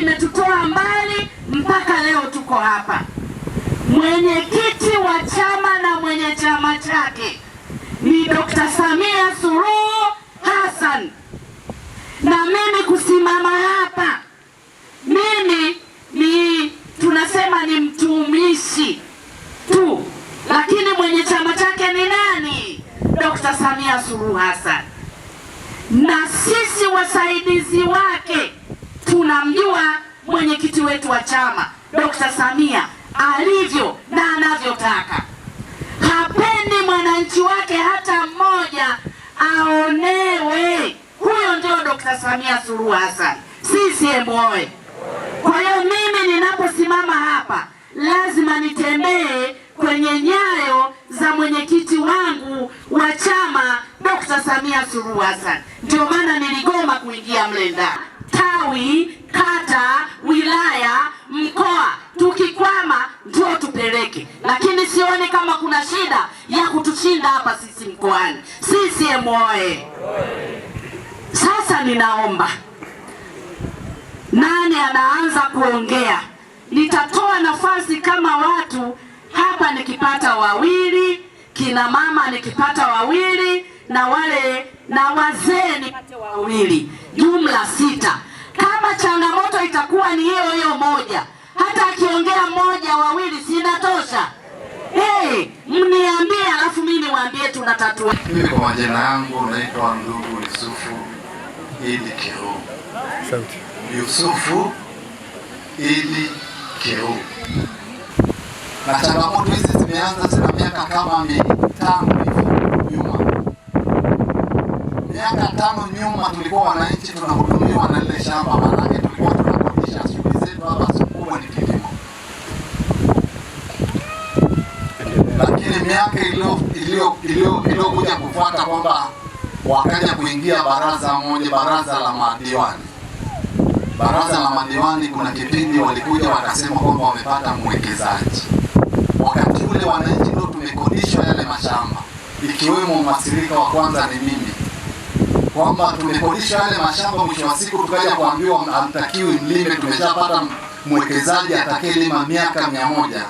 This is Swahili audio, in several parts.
kimetutoa mbali mpaka leo tuko hapa. Mwenyekiti wa chama na mwenye chama chake ni Dr. Samia Suluhu Hassan, na mimi kusimama hapa mimi ni tunasema ni mtumishi tu, lakini mwenye chama chake ni nani? Dr. Samia Suluhu Hassan, na sisi wasaidizi wake tunamjua mwenyekiti wetu wa chama Dr. Samia alivyo na anavyotaka. Hapendi mwananchi wake hata mmoja aonewe. Huyo ndio Dr. Samia Suluhu Hassan, CCM oyee! Kwa hiyo mimi ninaposimama hapa lazima nitembee kwenye nyayo za mwenyekiti wangu wa chama Dr. Samia Suluhu Hassan. Ndio maana niligoma kuingia mle ndani tawi, kata, wilaya, mkoa. Tukikwama ndio tupeleke, lakini sioni kama kuna shida ya kutushinda hapa sisi mkoani. Sisi emoe. Sasa ninaomba nani anaanza kuongea? Nitatoa nafasi kama watu hapa, nikipata wawili, kina mama nikipata wawili, na wale na wazee nipate wawili, jumla sita kama changamoto itakuwa ni hiyo hiyo moja, hata akiongea moja wawili sinatosha. Hey, mniambie alafu mimi niwaambie tunatatua. Mimi kwa majina yangu naitwa ndugu Yusufu Idi Kiru. Sauti. Yusufu Idi Kiru. Na changamoto hizi zimeanza zina miaka kama mitano nyuma. Miaka tano nyuma tulikuwa wananchi tunahudumiwa iliyokuja kufuata kwamba wakaja kuingia baraza moja, baraza la madiwani. Baraza la madiwani, kuna kipindi walikuja wakasema kwamba wamepata mwekezaji. Wakati ule wananchi ndio tumekodishwa yale mashamba, ikiwemo mwathirika wa kwanza ni mimi, kwamba tumekodisha yale mashamba. Mwisho wa siku tukaja kuambiwa hamtakiwi mlime, tumeshapata mwekezaji atakayelima miaka mia moja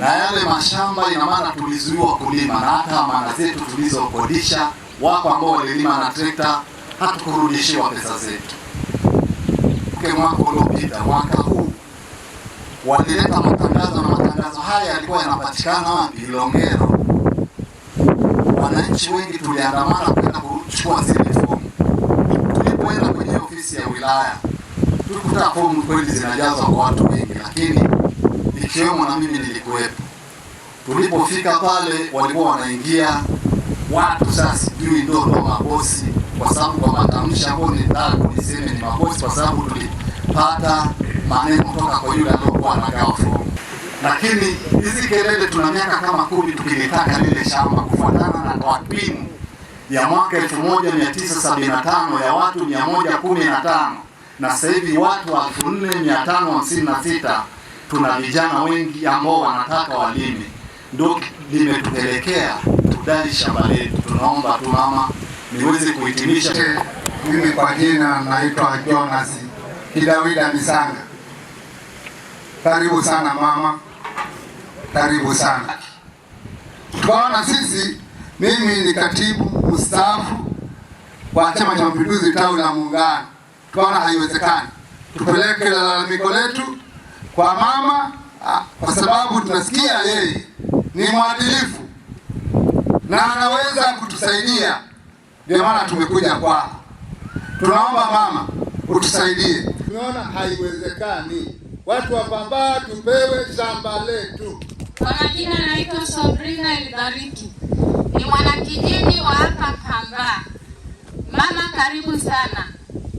na yale mashamba, ina maana tulizuiwa kulima, na hata amana zetu tulizokodisha, wako ambao walilima na trekta, hatukurudishiwa pesa zetu. Ke mwaka uliopita, mwaka huu walileta matangazo, na matangazo haya yalikuwa yanapatikana wapi? Ilongero. Wananchi wengi tuliandamana kwenda kuchukua zile fomu. Tulipoenda kwenye ofisi ya wilaya, tulikuta fomu kweli zinajazwa kwa watu wengi, lakini ikiwemo na mimi nilikuwepo. Tulipofika pale, walikuwa wanaingia watu sasa, sijui ndio ndo mabosi, kwa sababu kwa matamshi ambayo nitaka niseme ni mabosi, kwa sababu tulipata maneno kutoka kwa yule aliyokuwa anagawa fomu. Lakini hizi kelele, tuna miaka kama kumi tukilitaka lile shamba kufuatana na takwimu ya mwaka 1975 ya watu 115 na sasa hivi watu 4556 tuna vijana wengi ambao wanataka walime, ndio limetupelekea tudai shamba letu. Tunaomba tu mama, niweze kuhitimisha. Mimi kwa jina naitwa Jonas Kidawida Misanga. Karibu sana mama, karibu sana tukaona sisi. Mimi ni katibu mstaafu wa Chama cha Mapinduzi tawi la Muungano, tukaona haiwezekani, tupeleke lalamiko letu kwa mama, ah, kwa sababu tunasikia yeye ni mwadilifu na anaweza kutusaidia. Ndio maana tumekuja kwao, tunaomba mama utusaidie. Tunaona haiwezekani, watu wapambaa, tupewe shamba letu. Kwa majina naitwa Sabrina Elibariki, ni mwanakijiji wa hapa Kambaa. Mama karibu sana,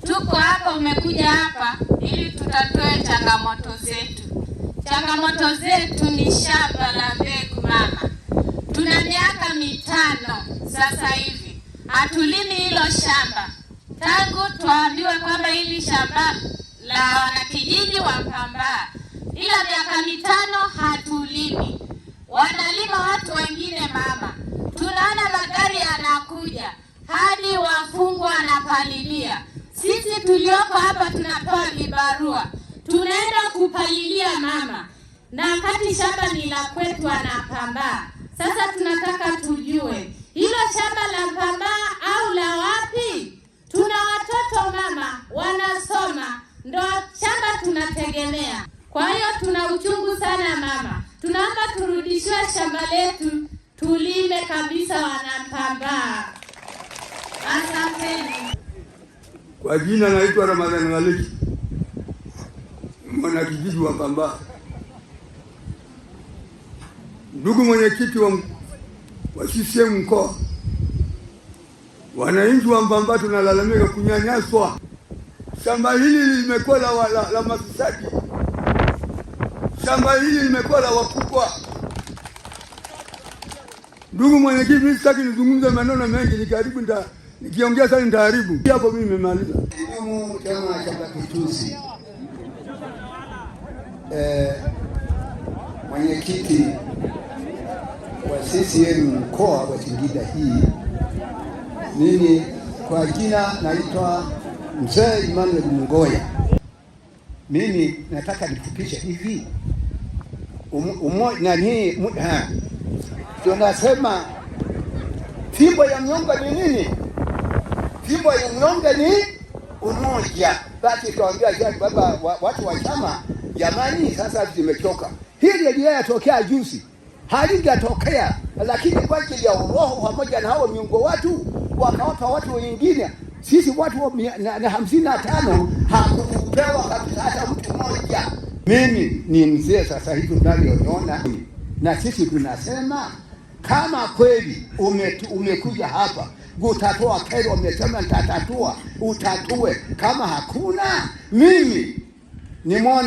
tuko hapa, umekuja hapa ili tutatoe changamoto zetu. Changamoto zetu ni shamba la mbegu mama. Tuna miaka mitano sasa hivi hatulimi hilo shamba, tangu tuambiwe kwamba hili shamba la wanakijiji wa Pambaa, ila miaka mitano hatulimi, wanalima watu wengine mama. Tunaona magari yanakuja hadi wafungwa wanapalilia tulioko hapa tunatoa vibarua, tunaenda kupalilia mama, na wakati shamba ni la kwetu anapambaa. Sasa tunataka tujue hilo shamba la pambaa au la wapi? Tuna watoto mama, wanasoma, ndo shamba tunategemea. Kwa hiyo tuna uchungu sana mama, tunaomba turudishiwe shamba letu tulime kabisa, wanapambaa. Asanteni. Kwa jina naitwa Ramadhani Maliki, kijiji wa Pambaa. Ndugu mwenyekiti wa, wa CCM mkoa, wananchi wa Mpambaa tunalalamika kunyanyaswa. Shamba hili limekuwa la, la, la mafisadi. Shamba hili limekuwa la wakubwa. Ndugu mwenyekiti, mimi sitaki nizungumze maneno mengi, ni karibu nda nikiongea sana nitaharibu hapo. Mimi nimemaliza elimu. Chama cha Mapinduzi, eh, mwenyekiti wa CCM mkoa wa Singida hii, mimi kwa jina naitwa Mzee Emmanuel Mngoya. Mimi nataka nifupishe hivi um, nani tunasema fimbo ya mnyonga ni nini? jimbo ya Mnyonge ni umoja. Basi tukawaambia jana baba wa, watu wa chama, jamani, sasa zimechoka hili liliyotokea juzi halijatokea lakini kwa ajili ya uroho pamoja na hao miungo watu wakawapa watu wengine. Sisi watu na hamsini na tano hakupewa kabisa hata mtu mmoja. Mimi ni mzee sasa hivi unavyoniona, na sisi tunasema kama kweli umekuja hapa kutatua kero, wamesema nitatatua, utatue. Kama hakuna mimi ni